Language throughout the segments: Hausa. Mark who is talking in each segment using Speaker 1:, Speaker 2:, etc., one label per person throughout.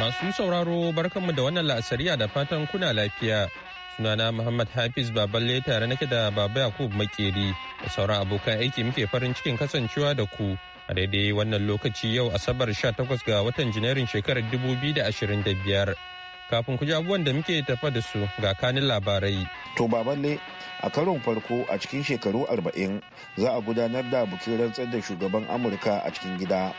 Speaker 1: Masu sauraro barkanmu da wannan la'asariya da fatan kuna lafiya. Sunana Muhammad Hafiz Baballe tare nake da Baba Yakub Makeri da sauran abokan aiki muke farin cikin kasancewa da ku a daidai wannan lokaci yau Asabar 18 ga watan Janairun shekarar 2025. Kafin ku ji abubuwan da muke tafa
Speaker 2: da su ga kanin labarai. To Baballe, a karon farko a cikin shekaru 40 za a gudanar da bukin rantsar da shugaban Amurka a cikin gida.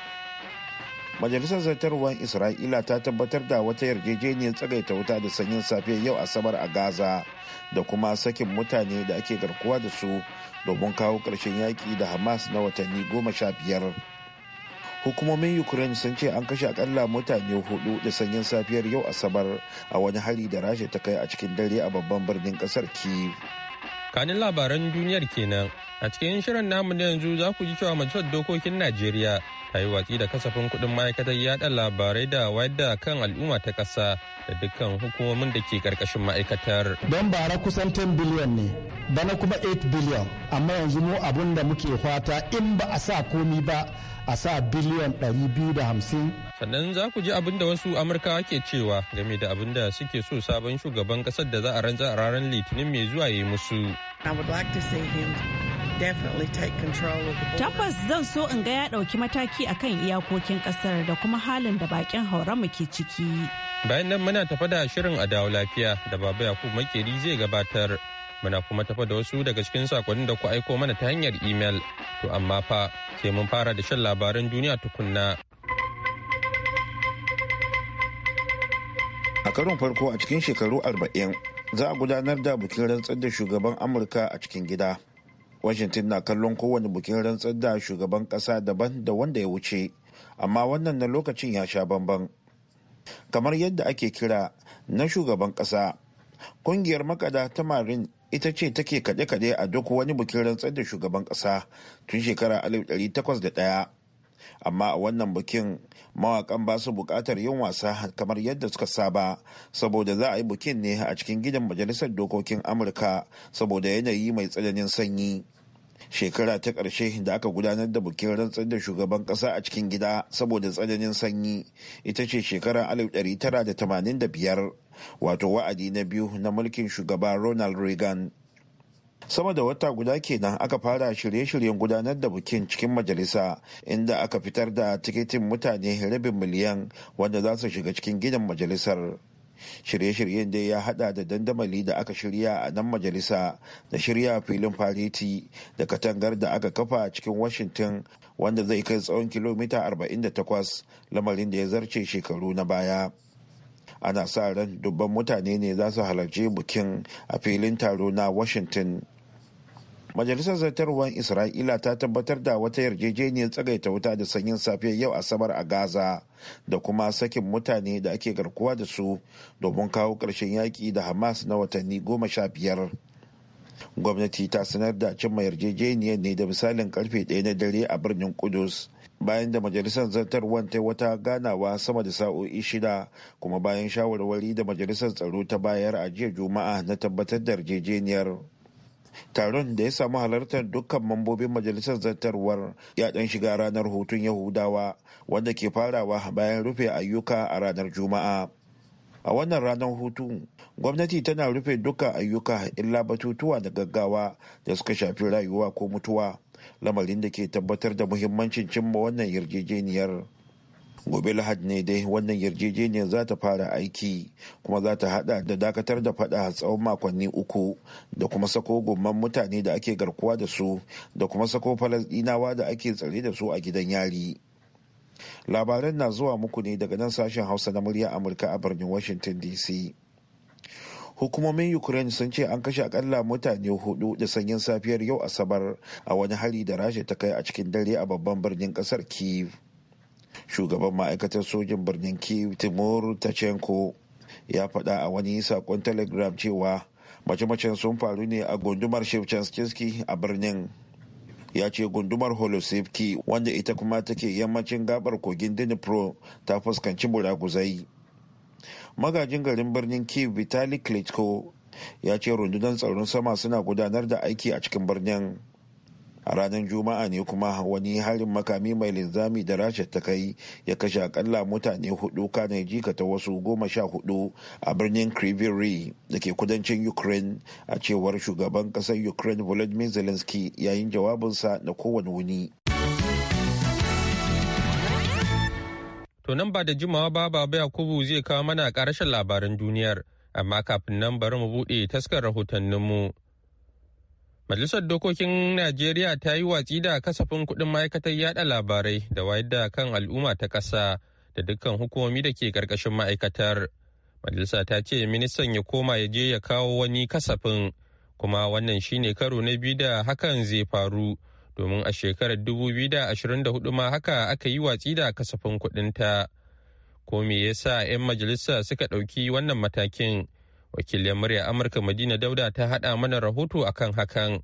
Speaker 2: majalisar zartarwar isra'ila ta tabbatar da wata yarjejeniyar tsagaita wuta da sanyin safiyar yau asabar a gaza da kuma sakin mutane da ake garkuwa da su domin kawo karshen yaƙi da hamas na watanni goma sha biyar hukumomin ukraine sun ce an kashe akalla mutane hudu da sanyin safiyar yau asabar a wani hari da rasha ta kai a cikin dare a babban birnin kasar kiev
Speaker 1: kanin labaran duniyar kenan a cikin shirin namu na yanzu za ku ji cewa majalisar dokokin najeriya a yi watsi da kasafin kudin ma'aikatar yaɗa labarai da wayar da kan al'umma ta kasa da dukkan hukumomin da ke karkashin ma'aikatar.
Speaker 3: Don bara kusan 10 biliyan ne, bana kuma 8 biliyan, amma yanzu mu abun da muke fata in ba a sa komi ba a sa biliyan 250.
Speaker 1: Sannan za ku ji abin da wasu amurka ke cewa game da abin da suke so sabon shugaban kasar da za a rantsa a ranar Litinin mai zuwa ya yi musu. Tabbas
Speaker 4: zan so in ga ya ɗauki mataki akan iyakokin ƙasar da kuma halin da bakin mu ke ciki.
Speaker 1: Bayan nan muna tafa da shirin a dawo lafiya da Baba yakub Makeri zai gabatar. Muna kuma tafa da wasu daga cikin sakonnin da ku aiko mana ta hanyar imel. To amma fa sai mun fara da shan labaran duniya tukunna.
Speaker 2: A karon farko a cikin shekaru arba'in za a gudanar da bikin rantsar da shugaban Amurka a cikin gida. washington na kallon kowane bukin rantsar da shugaban kasa daban da wanda ya wuce amma wannan na lokacin ya sha bamban kamar yadda ake kira na shugaban kasa kungiyar makada ta marin ita ce take kade-kade a duk wani bukin rantsar da shugaban kasa tun shekara 1801 amma a wannan bukin mawakan ba su bukatar yin wasa kamar yadda suka saba saboda za a yi bukin ne a cikin gidan majalisar dokokin amurka saboda yanayi mai tsananin sanyi shekara ta ƙarshe da aka gudanar da bukin rantsar da shugaban ƙasa a cikin gida saboda tsananin sanyi ita ce shekarar 1985 wato wa'adi na biyu na mulkin shugaba ronald reagan sama da wata guda kenan aka fara shirye-shiryen gudanar da bikin cikin majalisa inda aka fitar da tiketin mutane rabin miliyan wanda za su shiga cikin gidan majalisar shirye-shiryen dai ya hada da dandamali da aka shirya a nan majalisa da shirya filin fariti da katangar da aka kafa cikin washington wanda zai kai tsawon kilomita 48 lamarin da ya zarce shekaru na baya ana sa ran dubban mutane ne za su halarci bukin a filin taro na washington majalisar zartarwar isra'ila ta tabbatar da wata yarjejeniyar tsagaita wuta da sanyin safiyar yau asabar a gaza da kuma sakin mutane da ake garkuwa da su domin kawo ƙarshen yaki da hamas na watanni goma sha biyar gwamnati ta sanar da cimma yarjejeniyar ne da misalin karfe ɗaya na dare a birnin kudus bayan da majalisar zartarwar ta wata ganawa sama da sa'o'i shida kuma bayan shawarwari da majalisar tsaro ta bayar a jiya juma'a na tabbatar da yarjejeniyar taron da ya samu halartar dukkan mambobin majalisar zartarwar ya dan shiga ranar hutun yahudawa wanda ke farawa bayan rufe ayyuka a ranar juma'a a wannan ranar hutu gwamnati tana rufe duka ayyuka illa batutuwa da gaggawa da suka shafi rayuwa ko mutuwa lamarin da ke tabbatar da muhimmancin cimma wannan yarjejeniyar gobe lahad ne dai wannan yarjejeniyar za ta fara aiki kuma za ta hada da dakatar da fada tsawon makonni uku da kuma sako gomman mutane da ake garkuwa da su da kuma sako falasdinawa da ake tsare da su a gidan yari labaran na zuwa muku ne daga nan sashen hausa na murya amurka a birnin washington dc hukumomin ukraine sun ce an kashe akalla mutane hudu da sanyin safiyar yau asabar a wani hari da rasha ta kai a cikin dare a babban birnin kasar kiev shugaban ma'aikatar sojin birnin kiev timur tachenko ya faɗa a wani sakon telegram cewa mace-macen sun faru ne a gundumar shevchenskinski a birnin ya ce gundumar holosevki wanda ita kuma take yammacin gabar kogin dnipro ta fuskanci buraguzai magajin garin birnin kiev vitali klitko ya ce rundunar tsaron sama suna gudanar da aiki a cikin birnin a ranar juma'a ne kuma wani harin makami mai linzami da rasha ta kai ya kashe akalla mutane hudu kana jika ta wasu goma sha hudu a birnin kriviri da ke kudancin ukraine a cewar shugaban kasar ukraine volodymyr zelensky yayin jawabinsa na kowane wuni
Speaker 1: to nan ba da jimawa ba baba yakubu zai kawo mana ƙarashin labaran duniyar amma kafin nan bari mu buɗe taskar rahotanninmu. mu Majalisar Dokokin Najeriya ta yi watsi da kasafin kuɗin ma'aikatar yada labarai da wayar da kan al'umma ta kasa da dukkan hukumomi da ke karkashin ma'aikatar. Majalisa ta ce ministan ya koma ya je ya kawo wani kasafin kuma wannan shine karo na biyu da hakan zai faru domin a shekarar da hudu ma haka aka yi watsi da kasafin ta Ko me yasa 'yan majalisa suka ɗauki wannan matakin? wakilin murya amurka madina dauda ta haɗa mana rahoto akan hakan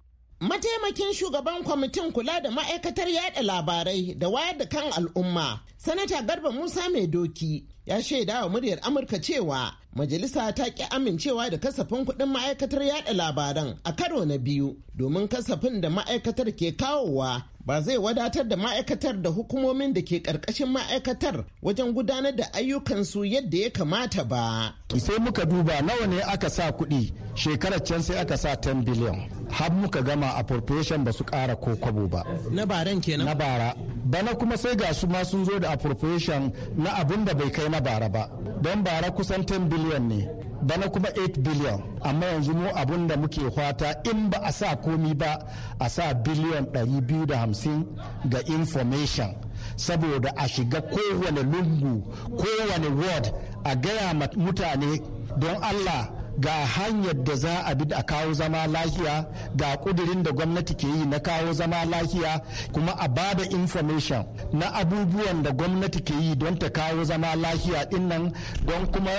Speaker 5: mataimakin shugaban kwamitin kula da ma'aikatar yada labarai da wayar da kan al'umma sanata garba musa mai doki ya shaida wa muryar amurka cewa majalisa ta ki amincewa da kasafin kudin ma'aikatar yada labaran a karo na biyu domin kasafin da ma'aikatar ke kawowa ba zai wadatar da ma'aikatar da hukumomin da ke ƙarƙashin ma'aikatar
Speaker 3: wajen gudanar da ayyukansu yadda ya kamata ba. sai muka duba nawa ne aka sa kuɗi shekarar can sai aka sa 10 biliyan har muka gama appropriation ba su ƙara ko kwabo ba. na baran kenan na bara bana kuma sai ga su ma sun zo da appropriation na abin da bai kai na bara ba don bara kusan 10 biliyan ne bana kuma 8 biliyan amma yanzu mu abun da muke fata in ba a sa komi ba a sa biliyan 250 ga information saboda a shiga kowane lungu kowane ward a gaya mutane don allah ga hanyar da za a bi a kawo zama lafiya ga kudirin da gwamnati ke yi na kawo zama lafiya kuma a ba da information na abubuwan da gwamnati ke yi don ta kawo zama lafiya dinnan don kuma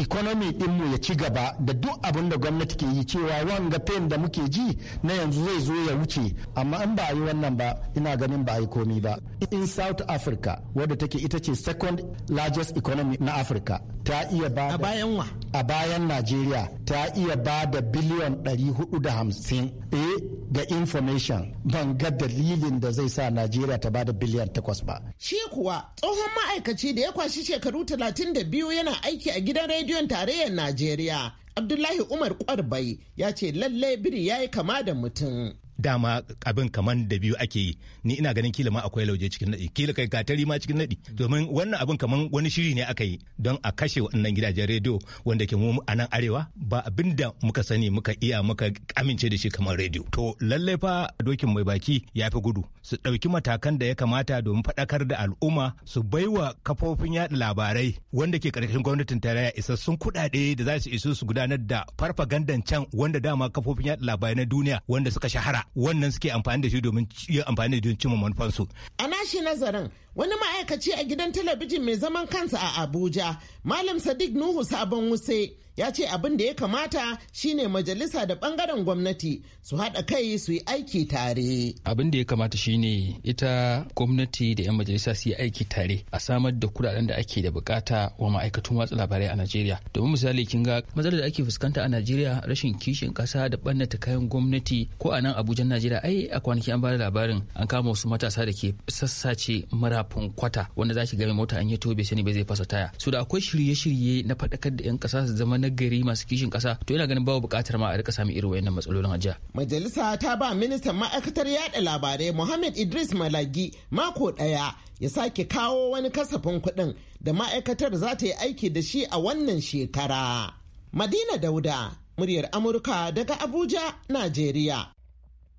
Speaker 3: economy dinmu ya ci gaba da duk abin da gwamnati ke yi cewa wanga pain da muke ji na yanzu zai zo ya wuce amma in ba a yi wannan ba ina ganin ba a yi komi ba in south africa wadda take ita ce second largest economy na africa ta iya ba a bayan wa a bayan najeriya ta iya ba da biliyan 450 eh ga information ban ga dalilin da zai sa Najeriya ta bada biliyan takwas ba.
Speaker 5: Shi kuwa tsohon ma'aikaci da ya kwashi shekaru 32 yana aiki a gidan rediyon tarayyar Najeriya. Abdullahi
Speaker 6: Umar Kwarbai ya ce lallai biri ya yi kama da mutum. dama abin kaman da biyu ake yi ni ina ganin kila ma akwai lauje cikin nadi kila kai gatari ma cikin nadi domin wannan abin kaman wani shiri ne aka yi don a kashe wannan gidajen rediyo wanda ke mu a nan arewa ba abin da muka sani muka iya muka amince da shi kamar rediyo to lallai fa dokin mai baki ya fi gudu su ɗauki matakan da ya kamata domin faɗakar da al'umma su baiwa kafofin yaɗa labarai wanda ke ƙarƙashin gwamnatin tarayya isassun kuɗaɗe da za su isu su gudanar da farfagandan can wanda dama kafofin yaɗa labarai na duniya wanda suka shahara wannan suke amfani da shi domin amfani da cimma manufansu. A nashi nazarin Wani ma'aikaci a gidan talabijin
Speaker 5: mai zaman kansa a Abuja, Malam Sadiq Nuhu Sabon Wuse, ya ce abin da ya kamata shine majalisa da bangaren gwamnati su haɗa kai su yi aiki tare.
Speaker 6: Abin da ya kamata shine ita gwamnati da 'yan majalisa su yi aiki tare a samar da kuɗaɗen da ake da bukata wa ma'aikatun watsa labarai a Najeriya. Domin misali kin ga matsalar da ake fuskanta a Najeriya rashin kishin ƙasa da ɓannata kayan gwamnati ko a nan Abuja Najeriya ai a kwanaki an ba labarin an kama wasu matasa da ke sassace mara zafin kwata wanda za shi game mota an yi to bai sani ba zai fasa taya so da akwai shirye-shirye na faɗakar da 'yan ƙasa su zama na gari masu kishin ƙasa to yana ganin babu buƙatar ma a rika samun irin wayannan
Speaker 7: matsalolin ajiya
Speaker 5: majalisa ta ba ministan ma'aikatar yada labarai Muhammad Idris Malagi mako ɗaya ya sake kawo wani kasafin kuɗin da ma'aikatar za ta yi aiki da shi a wannan shekara. Madina Dauda, muryar Amurka daga Abuja, Najeriya.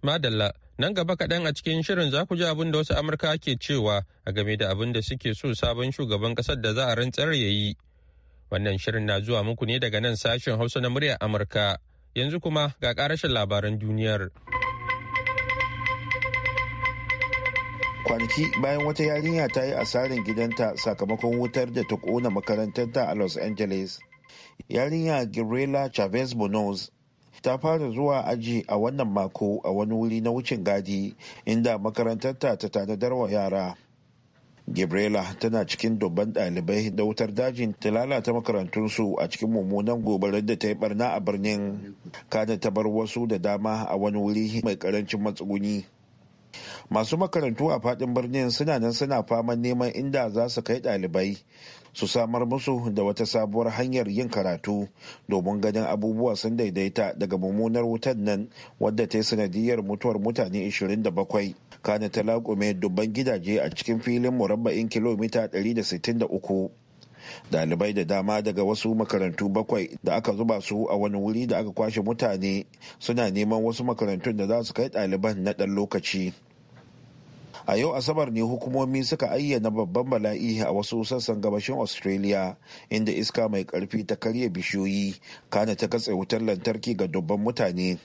Speaker 1: Madalla Nan gaba kaɗan a cikin shirin za ku ji abin da wasu Amurka ke cewa a game da abin da suke so sabon shugaban ƙasar da za a rantsar ya yi. Wannan shirin na zuwa muku ne daga nan sashen Hausa na muryar Amurka. Yanzu kuma ga ƙarashin labaran duniyar.
Speaker 2: Kwanaki bayan wata yarinya ta yi asarin gidanta sakamakon wutar da ta ƙona makarantarta a Los Angeles. Yarinya Gabriela Chavez Bonos ta fara zuwa aji a wannan mako a wani wuri na wucin gadi inda makarantarta ta tanadar wa yara Gabriela tana cikin dubban ɗalibai da wutar dajin ta lalata makarantunsu a cikin mummunan gobarar da ta yi barna a birnin. Kada ta bar wasu da dama a wani wuri mai karancin matsuguni. masu makarantu a fadin birnin suna nan suna faman neman inda za su kai dalibai su samar musu da wata sabuwar hanyar yin karatu domin ganin abubuwa sun daidaita daga mummunar wutar nan wadda ta yi sanadiyar mutuwar mutane 27 kana ta laƙume dubban gidaje a cikin filin murabba'in kilomita 163 dalibai da dama daga wasu makarantu bakwai da aka zuba su a wani wuri da aka kwashe mutane suna neman wasu makarantun da za su kai daliban na ɗan lokaci a yau asabar ne hukumomi suka ayyana babban bala'i a wasu sassan gabashin australia inda iska mai karfi ta karya bishiyoyi kana ta katse wutar lantarki ga dubban mutane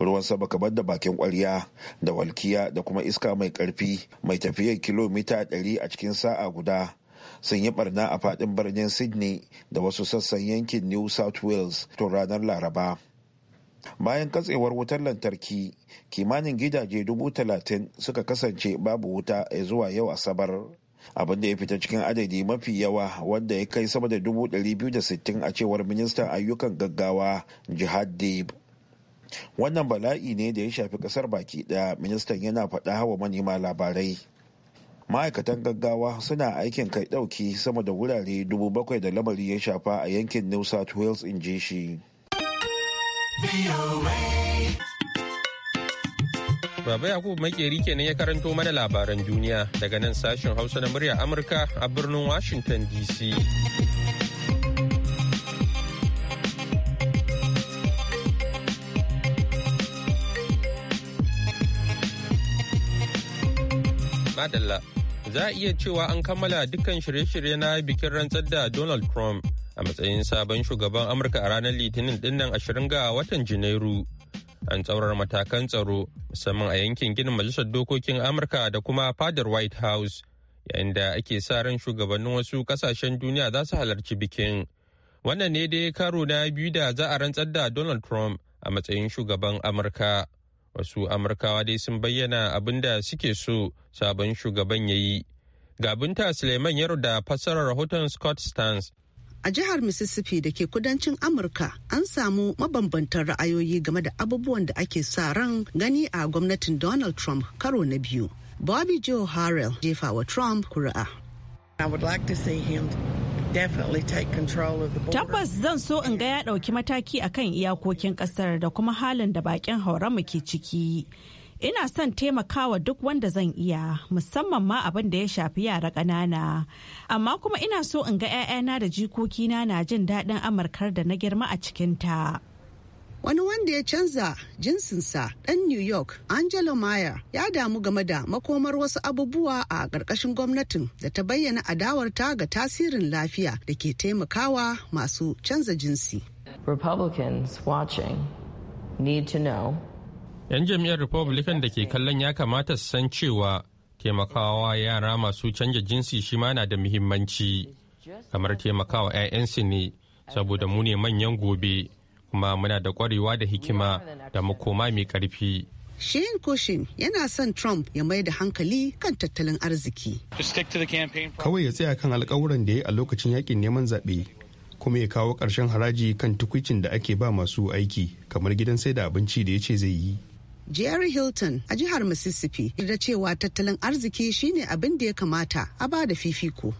Speaker 2: ruwan sama kamar da bakin kwarya da walkiya da kuma iska mai karfi mai tafiyar kilomita 100 a cikin sa'a guda sun yi barna a fadin birnin sydney da wasu sassan yankin new south wales tun ranar laraba bayan katsewar wutar lantarki kimanin gidaje dubu talatin suka kasance babu wuta ya e zuwa yau asabar abin da ya fita cikin adadi mafi yawa wanda ya kai sama da dubu biyu da sittin a cewar ministan ayyukan gaggawa jihad Deb. wannan bala'i ne da ya shafi kasar baki daya ministan yana faɗa wa manema labarai ma'aikatan gaggawa suna aikin kai ɗauki sama da wurare dubu bakwai da lamari ya shafa a yankin new south wales in ji shi
Speaker 1: Baba Yakubu Makeri kenan ya karanto mana labaran duniya daga nan sashen Hausa na murya Amurka a birnin Washington DC. Madalla, za a iya cewa an kammala dukkan shirye-shirye na bikin rantsar da Donald Trump a matsayin sabon shugaban amurka a ranar litinin dinnan ashirin ga watan janairu an tsaurar matakan tsaro musamman a yankin ginin majalisar dokokin amurka da kuma fadar white house yayin da ake sa ran shugabannin wasu kasashen duniya za su halarci bikin wannan ne dai karo na biyu da za a rantsar da donald trump a matsayin shugaban amurka wasu amurkawa dai sun bayyana abin da suke so sabon shugaban ya yi gabinta suleiman yaro da fassarar rahoton scott stans
Speaker 4: A jihar Mississippi da ke kudancin Amurka an samu mabambantan ra'ayoyi game da abubuwan da ake sa ran gani a gwamnatin Donald Trump karo na biyu. Bobby Joe Harrell jefa wa Trump kuri'a. Tabbas zan so in ga ya ɗauki mataki akan iyakokin ƙasar da kuma halin da bakin mu ke ciki. ina son taimakawa duk wanda zan iya musamman ma abin da ya shafi yara ƙanana amma kuma ina so in ga 'ya'yana da jikokina na jin daɗin amurkar da na girma a cikinta wani wanda ya canza jinsinsa ɗan new york angelo mayer ya damu game da makomar wasu abubuwa a ƙarƙashin gwamnatin da ta bayyana adawarta ga tasirin lafiya da ke taimakawa masu canza jinsi republicans watching need to know
Speaker 1: 'yan jam'iyyar republican da ke kallon ya kamata su san cewa taimakawa yara masu canja jinsi shi ma na da muhimmanci kamar taimakawa 'ya'yansu ne saboda mu ne manyan gobe kuma muna da kwarewa da hikima da makoma mai karfi
Speaker 4: Shane Cushin yana son Trump ya mai da hankali kan tattalin arziki. Kawai ya tsaya kan
Speaker 6: alkawuran da ya yi a lokacin yakin neman zaɓe kuma ya kawo ƙarshen haraji kan tukwicin da ake ba masu aiki kamar gidan sai da abinci da ya ce zai yi.
Speaker 4: Jerry Hilton a jihar Mississippi da cewa tattalin arziki shine abin da ya kamata a ba da fifiko.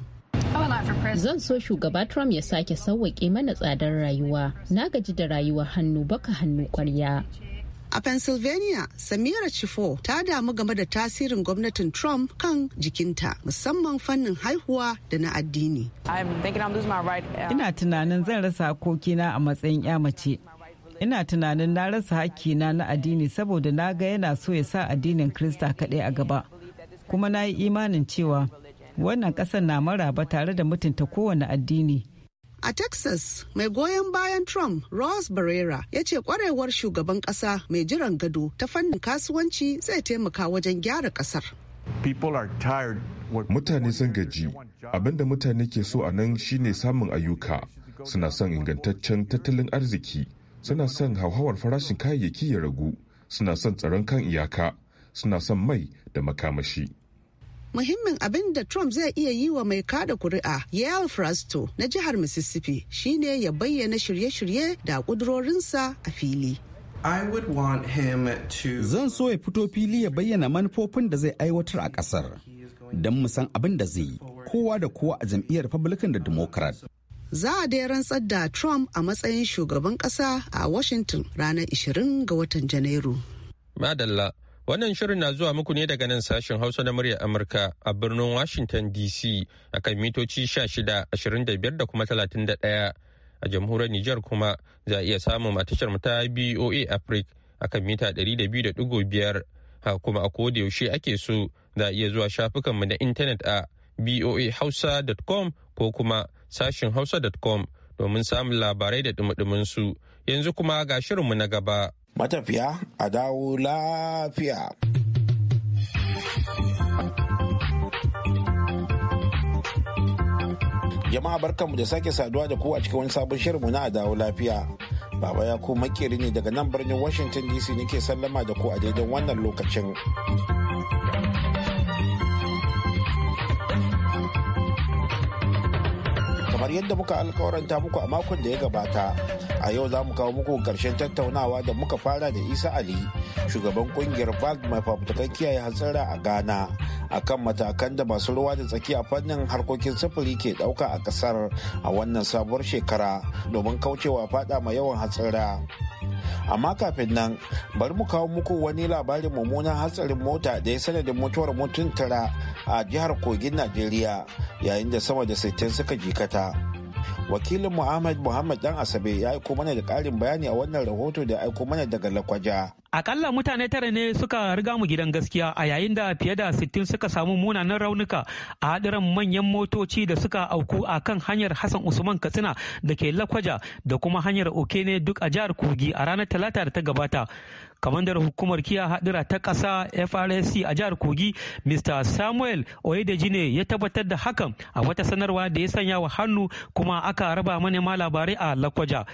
Speaker 4: Zan so shugaba Trump ya sake sauwaƙe mana tsadar rayuwa. Na gaji da rayuwa hannu baka hannu ƙwarya. A Pennsylvania, Samira Chifo ta damu game da tasirin gwamnatin Trump kan jikinta musamman fannin haihuwa da na addini.
Speaker 8: Uh, Ina tunanin zan rasa hakokina a matsayin 'ya mace. ina tunanin na rasa hakkina na addini saboda na ga yana so ya sa addinin krista kaɗai a gaba kuma na yi imanin cewa wannan ƙasar na maraba
Speaker 4: tare da mutunta kowane addini A Texas, mai goyon bayan Trump, Ross Barrera, ya ce kwarewar shugaban ƙasa mai jiran gado ta fannin kasuwanci zai taimaka wajen gyara ƙasar.
Speaker 7: Mutane sun gaji, abinda mutane ke so a nan shine samun ayyuka, suna son ingantaccen tattalin arziki, suna son hauhawar farashin kayayyaki ya ragu suna son tsaron kan iyaka suna son mai da makamashi
Speaker 4: muhimmin abin da Trump zai iya yi wa mai kada kuri'a Yale Frasto na jihar Mississippi shine ya bayyana shirye-shirye da kudurorinsa a
Speaker 1: fili. Zan so ya fito fili ya
Speaker 6: bayyana manufofin da zai aiwatar a kasar Don mu san abin da zai yi, kowa da kowa a
Speaker 1: jam'iyyar Republican da Democrat
Speaker 4: za a dai rantsar da trump a matsayin shugaban kasa a washington ranar 20 ga watan janairu
Speaker 1: madalla wannan shirin na zuwa muku ne daga nan sashen hausa na muryar amurka a birnin washington dc akan mitoci 16 25 da kuma 31 a jamhuriyar Nijar kuma za a iya samun a tashar ta BOA Africa akan mita 200.5 ha kuma a yaushe ake so za a iya zuwa shafukanmu na intanet a boahausa.com ko kuma sashin hausa.com domin samun labarai da dumudumin su yanzu kuma ga shirinmu na gaba. Matafiya
Speaker 2: a dawo lafiya. Jama'a barkanmu da sake saduwa da ku a cikin wani sabon shirinmu na dawo lafiya. Baba ya ku makeri ne daga nan birnin Washington DC nake sallama da ku a daidai wannan lokacin. kamar yadda muka alkawaranta muku a makon da ya gabata a yau za mu kawo muku karshen tattaunawa da muka fara da isa ali shugaban kungiyar bag mai fafutukan kiyaye hatsara a ghana kan matakan da masu ruwa da tsaki a fannin harkokin sufuri ke dauka a kasar a wannan sabuwar shekara domin kaucewa fada ma yawan hatsara amma kafin nan bari mu kawo muku wani labarin mummunan hatsarin mota da ya sanadin mutuwar mutum tara a jihar kogin najeriya yayin da sama da sittin suka jikata wakilin muhammad muhammad dan asabe ya aiko mana da karin bayani a wannan rahoto da aiko mana daga lakwaja
Speaker 8: Akalla mutane tara ne suka riga mu gidan gaskiya a yayin da fiye da sittin suka samu munanan raunuka a hadiran manyan motoci da suka auku a kan hanyar Hassan Usman Katsina da ke Lakwaja da kuma hanyar Okene duk a jihar Kogi a ranar Talata da ta gabata. Kamandar hukumar kiya hadira ta kasa FRSC a jihar Kogi, Mr. Samuel Oyedeji ne ya tabbatar da hakan a wata sanarwa da ya sanya wa hannu kuma aka raba manema labarai a Lakwaja.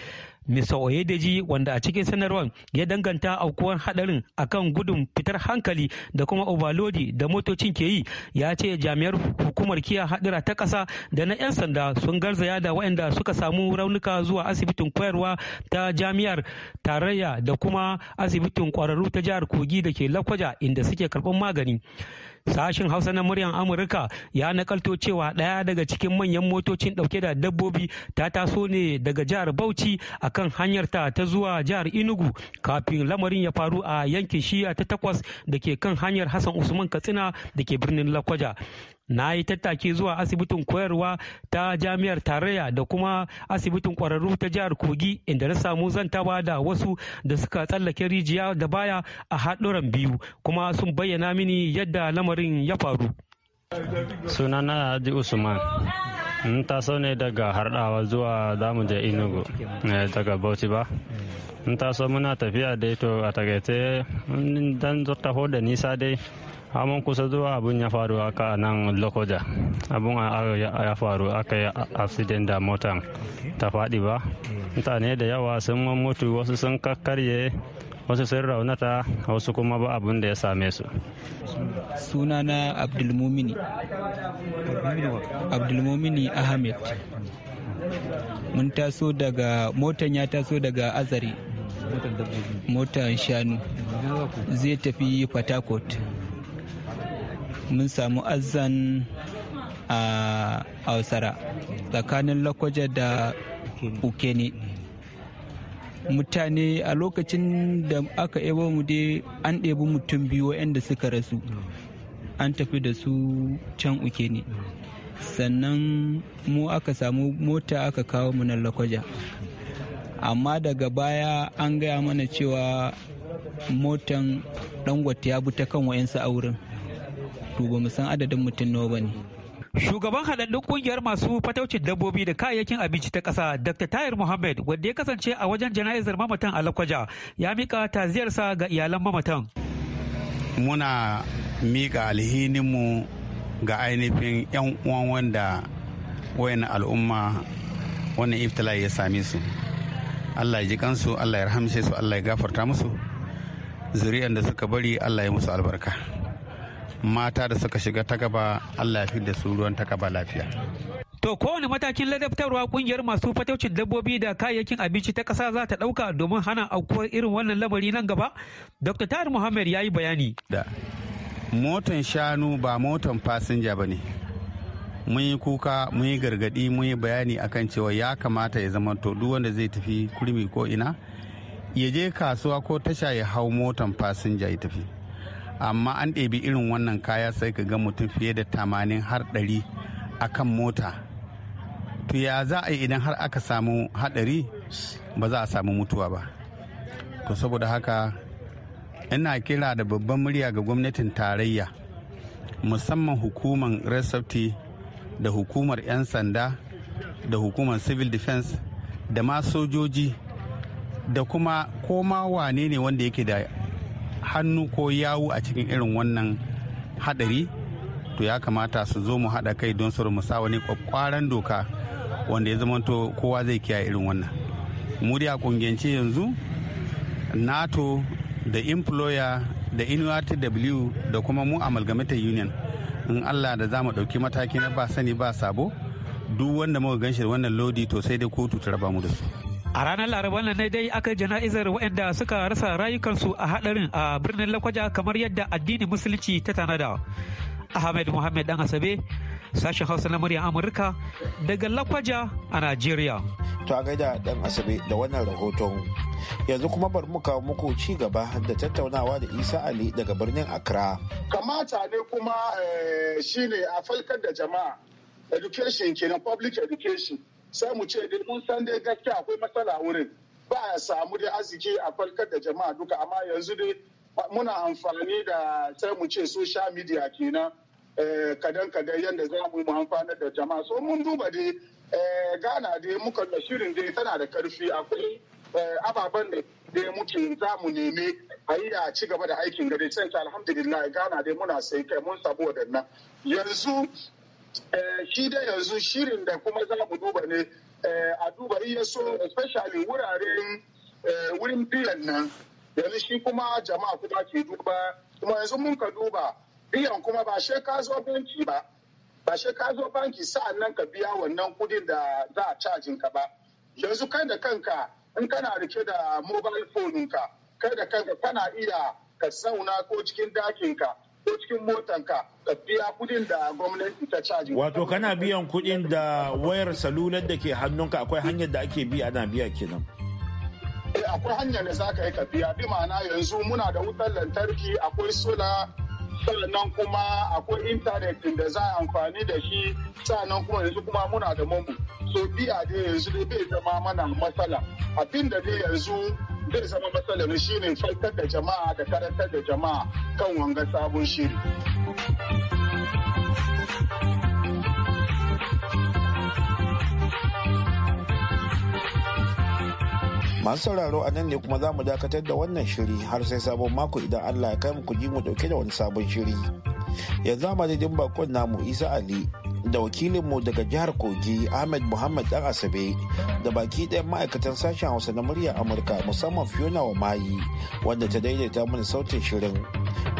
Speaker 8: mista Oyedeji wanda a cikin sanarwar ya danganta aukuwar hadarin akan gudun fitar hankali da kuma overlodi da motocin ke yi ya ce jami'ar hukumar kiya hadira ta kasa da na 'yan sanda sun garzaya da waɗanda suka samu raunuka zuwa asibitin koyarwa ta jami'ar tarayya da kuma asibitin kwararru ta jihar kogi da ke lakwaja inda suke karɓar magani. Sashen Hausa na muryar Amurka ya nakalto cewa ɗaya daga cikin manyan motocin ɗauke da dabbobi ta taso ne daga jihar Bauchi akan hanyarta ta zuwa jihar inugu kafin lamarin ya faru a yankin shiya ta takwas da ke kan hanyar Hassan Usman Katsina da ke birnin Lakwaja. na yi tattaki zuwa asibitin koyarwa ta jami'ar tarayya da kuma asibitin kwararru ta jihar kogi inda na samu zantawa da wasu da suka tsallake rijiya da baya a haɗuran biyu kuma sun bayyana mini yadda lamarin ya faru sunana Hadi Usman mun taso ne daga harɗawa zuwa zamu je inugu eh, daga Bauchi ba mun taso muna tafiya dai to a takaice dan taho da nisa dai amon kusa zuwa abun ya faru aka nan lokoja abun ya faru aka yi accident da motan ta faɗi ba mutane da yawa sun mutu wasu sun kakkarye wasu sun raunata wasu kuma ba abun da ya same su sunana abdulmumini abdulmumini ahmed mun taso daga motan ya taso daga azare motan shanu zai tafi fatakot mun samu azan a hausara tsakanin lakwaje da ukeni mutane a lokacin da aka ebo mu dai an ɗebi mutum biyu waɗanda suka rasu an tafi da su can ukeni sannan mu aka samu mota aka kawo mu na lakwaja amma daga baya an gaya mana cewa motan dangwata ya bi ta kan wayansu a wurin to ba mu san adadin mutum nawa ba ne. Shugaban haɗaɗɗun ƙungiyar masu fataucin dabbobi da kayayyakin abinci ta ƙasa Dr. Tahir Mohammed wanda ya kasance a wajen jana'izar mamatan Alakwaja ya miƙa taziyarsa ga iyalan mamatan.
Speaker 6: Muna miƙa mu ga ainihin 'yan uwan wanda wayan al'umma wannan iftila'i ya same su. Allah ya ji kansu, Allah ya rahamshe su, Allah ya gafarta musu. Zuri'an da suka bari Allah ya musu albarka. mata da suka shiga ta gaba allah ya fi da su ruwan ta gaba lafiya
Speaker 8: To kowane matakin ladabtarwa kungiyar masu fataucin dabbobi da kayayyakin abinci ta kasa za ta ɗauka domin hana aukuwar irin wannan lamari nan gaba? Dr. Tahir Muhammad ya yi bayani.
Speaker 6: Da. Motan shanu ba motan fasinja ba ne. Mun yi kuka, mun yi gargaɗi, mun yi bayani akan cewa ya kamata ya zama to duk wanda zai tafi kurmi ko ina, ya je kasuwa ko tasha ya hau motan fasinja ya tafi. amma an ɗebi irin wannan kaya sai ka ga mutum fiye da tamanin har ɗari a kan mota to ya za a yi idan har aka samu haɗari ba za a samu mutuwa ba to saboda haka ina kira da babban murya ga gwamnatin tarayya musamman hukumar resafti da hukumar 'yan sanda da hukumar civil defense da ma sojoji da kuma koma wane ne wanda yake da hannu ko yawu a cikin irin wannan hadari to ya kamata su zo mu hada kai don su sa wani kwakwaran doka wanda ya zamanto kowa zai kiyaye irin wannan mu a kungiyance yanzu nato da employer da nurtw da kuma mu amalgamated union in allah da za mu ɗauki mataki na ba sani ba sabo duk wanda muka ganshi da wannan lodi to sai dai kotu ta raba mu da su
Speaker 8: A ranar Laraba ne dai aka jana'izar waɗanda suka rasa rayukansu a hadarin a birnin Lakwaja kamar yadda addinin Musulunci ta tanada. Ahmed Muhammad Dan Asabe, sashen Hausa na muryar Amurka
Speaker 2: daga Lakwaja a Najeriya. To a gaida Dan Asabe da wannan rahoton. Yanzu kuma bari mu kawo muku ci gaba da tattaunawa da Isa Ali daga birnin Accra.
Speaker 7: Kamata ne kuma eh, shine a falkar da jama'a education kenan public education. sai mu ce dai mun san dai gaskiya akwai matsala wurin ba a samu dai arziki a kwalkar da jama'a duka amma yanzu dai muna amfani da sai mu ce social media kenan eh, kadan-kadan yadda za mu amfana da jama'a so mun duba dai eh, gana dai muka da shirin dai tana da karfi akwai eh, ababen da dai muke za mu neme a yi a ci gaba da aikin gari sai alhamdulillah gana dai muna sai kai mun sabo waɗannan yanzu Eh, shi da yanzu shirin da kuma za mu duba ne eh, a duba iya so especially wuraren eh, wurin biyan nan yanzu shi kuma jama'a kuma ke duba kuma yanzu mun ka duba biyan kuma ba she ka zo banki ba ba she ka zo banki sa'an nan ka biya wannan kudin da za a cajin ka ba yanzu kai da kanka in kana rike da mobile phone ka kai da kanka kana iya ka sauna ko cikin dakin ka ko cikin motanka ka biya kudin da gwamnati ta caji. Wato kana
Speaker 2: biyan kudin da wayar salular da ke hannunka akwai hanyar da ake biya ana biya kenan.
Speaker 7: Eh, akwai hanyar da zaka yi ka biya bi ma'ana yanzu muna da wutar lantarki akwai sola sannan kuma akwai intanet da za a amfani da shi sannan kuma yanzu kuma muna da mambu so biya dai yanzu dai bai zama mana matsala abin da dai yanzu zai zama matsalar shi ne farkar da jama'a da karantar da jama'a kan wanga sabon shiri.
Speaker 2: masu sauraro a nan ne kuma za mu dakatar da wannan shiri har sai sabon mako idan allah ya kai mu kudi mu dauke da wani sabon shiri yanzu a madadin bakon namu isa ali da wakilinmu daga jihar kogi ahmed muhammad dan asabe da baki ɗayan ma'aikatan sashen hausa na muryar amurka musamman fiona wa mayi wanda ta daidaita mana sautin shirin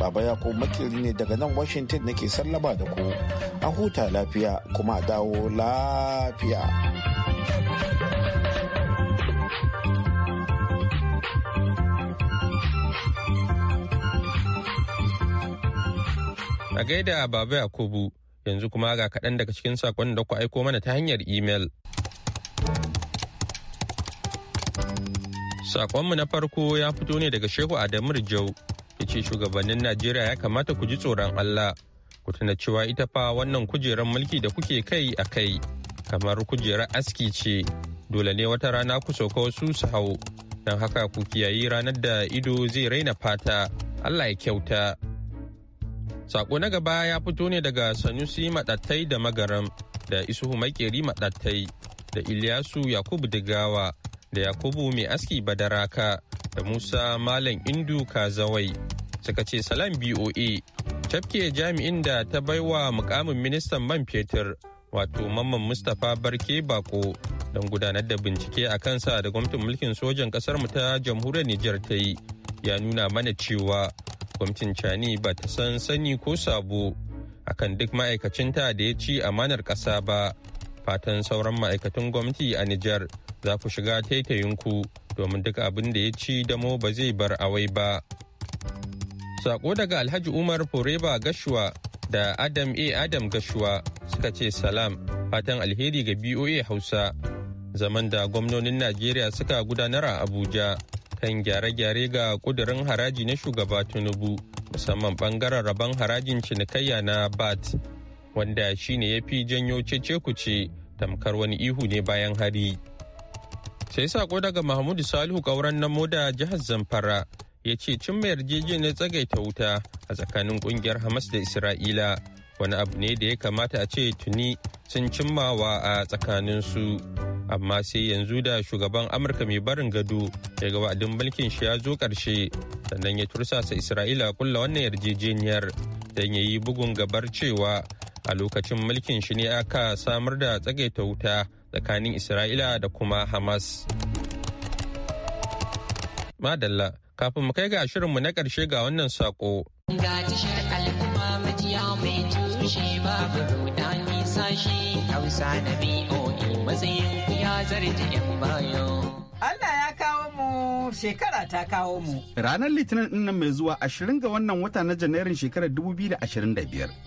Speaker 2: baba ya ko ne daga nan washington nake sallaba da ku a huta lafiya kuma a dawo lafiya
Speaker 1: a gaida baba yakubu yanzu kuma ga kaɗan daga cikin saƙon da ku aiko mana ta hanyar imel. Saƙonmu na farko ya fito ne daga Shehu Adamu Rijau ya ce shugabannin Najeriya ya kamata ku ji tsoron Allah ku tuna cewa ita fa wannan kujerar mulki da kuke kai a kai kamar kujerar aski ce dole ne wata rana ku sauka wasu su hau don haka ku kiyayi ranar da ido zai raina fata Allah ya kyauta. Sako na gaba ya fito ne daga Sanusi Maɗattai da Magaram da Isuhu Makeri Maɗattai da Ilyasu Yakubu Digawa da Yakubu Mai Aski Badaraka da Musa Malam Indu Kazawai suka ce salam BOA tafke jami'in da ta baiwa mukamin ministan man fetur wato mamman Mustapha Barke Bako don gudanar da bincike a kansa da gwamnatin mulkin sojan kasar mu ta jamhuriyar Nijar ta yi ya nuna mana cewa gwamnatin cani ba ta san sani ko sabo akan duk ma'aikacinta da ya ci amanar ƙasa ba fatan sauran ma'aikatan gwamnati a nijar za ku shiga taitayinku domin duk abin da ya ci damo ba zai bar awai ba sako daga alhaji umar foreba gashuwa da adam a adam gashuwa suka ce salam fatan alheri ga boa hausa zaman da gwamnonin najeriya suka gudanar a abuja kan gyare-gyare ga kudurin haraji na shugaba tinubu musamman bangaren rabon harajin cinikayya na bat wanda shi ne ya fi janyo cece kuce tamkar wani ihu ne bayan hari sai sako daga mahmudu salihu kauran na moda jihar zamfara ya ce cin mai yarjejeniyar tsagaita wuta a tsakanin kungiyar hamas da isra'ila wani abu ne da ya kamata a ce tuni sun cimmawa a tsakaninsu amma sai yanzu da shugaban amurka mai barin gado ya ga wa'adin mulkin shi ya zo karshe sannan ya tursasa isra'ila kulla wannan yarjejeniyar don ya yi bugun gabar cewa a lokacin mulkin shi ne aka samar da tsagaita wuta tsakanin isra'ila da kuma hamas madalla kafin mu kai ga shirinmu na karshe ga wannan sako
Speaker 6: ga
Speaker 8: mai tushe babu matsayin ya zarje yan bayo. Allah ya kawo mu shekara ta kawo mu.
Speaker 6: Ranar Litinin ɗin mai zuwa ashirin ga wannan wata na Janairun shekarar 2025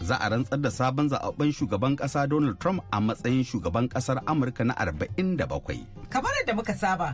Speaker 6: za a rantsar da sabon zaɓen shugaban ƙasa Donald Trump a matsayin shugaban ƙasar Amurka na arba'in da 47.
Speaker 8: Kamar da muka saba,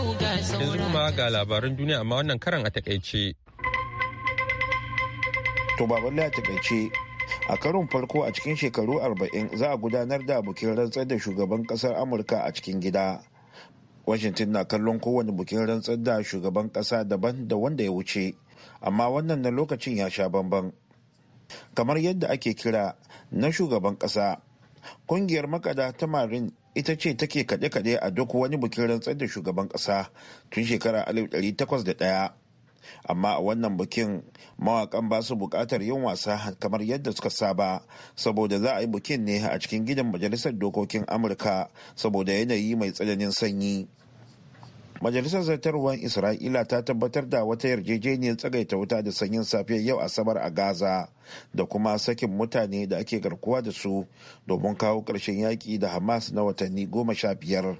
Speaker 8: Yanzu
Speaker 1: kuma ga labaran duniya amma wannan karan a takaice.
Speaker 2: To ba balle a takaice a karon farko a cikin shekaru 40 za a gudanar da bukin rantsar da shugaban kasar Amurka a cikin gida. Washington na kallon kowane bukin rantsar da shugaban kasa daban da wanda ya wuce, amma wannan na lokacin ya sha bamban. Kamar yadda ake kira na shugaban kasa Kungiyar makada ta Marin ita ce take kade kade a duk wani bikin rantsar da shugaban kasa tun shekara 1801. Amma a wannan bikin mawakan ba su buƙatar yin wasa kamar yadda suka saba saboda za a yi bikin ne a cikin gidan majalisar dokokin Amurka saboda yanayi mai tsananin sanyi. majalisar zartarwar isra'ila ta tabbatar da wata yarjejeniyar tsagaita wuta da sanyin safiya yau asabar a gaza da kuma sakin mutane da ake garkuwa da su domin kawo karshen yaƙi da hamas na watanni goma sha biyar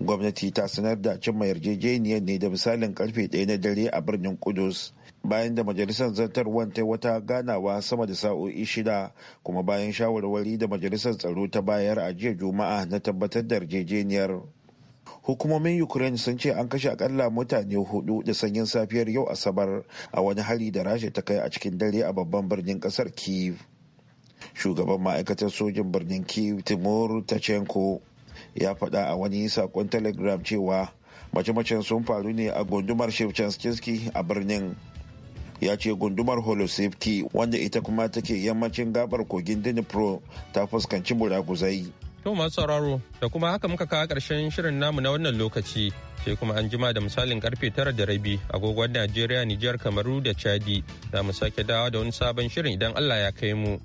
Speaker 2: gwamnati ta sanar da cimma yarjejeniyar ne da misalin karfe ɗaya na dare a birnin kudus bayan da majalisar zartarwar ta wata ganawa sama da sa'o'i shida kuma bayan shawarwari da majalisar tsaro ta bayar a jiya juma'a na tabbatar da yarjejeniyar hukumomin ukraine sun ce an kashe akalla mutane hudu da sanyin safiyar yau asabar a wani hali da rasha ta kai a cikin dare a babban birnin kasar kiev shugaban ma'aikatar sojin birnin kiev timur tachenko ya faɗa a wani sakon telegram cewa mace-macen sun faru ne a gundumar shevchenskinsky a birnin ya ce gundumar holosevki wanda ita kuma take yammacin gabar kogin dnipro ta fuskanci muraguzai
Speaker 1: To masu sauraro da kuma haka muka kawo ƙarshen shirin namu na wannan lokaci sai kuma an jima da misalin karfe tara da rabi agogon Najeriya, Nijar, Kamaru da Chadi za mu sake dawa da wani sabon shirin idan Allah ya kai mu.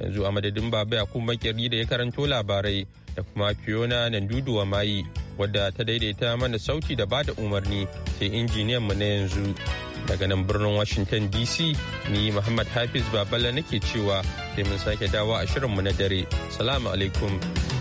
Speaker 1: Yanzu a madadin Baba kuma Makeri da ya karanto labarai da kuma Fiona Nandudu wa Mayi wadda ta daidaita mana sauti da bada umarni sai injiniyan mu na yanzu. Daga nan birnin Washington DC ni Muhammad Hafiz Babala nake cewa sai mun sake dawa a shirin mu na dare. Salamu alaikum.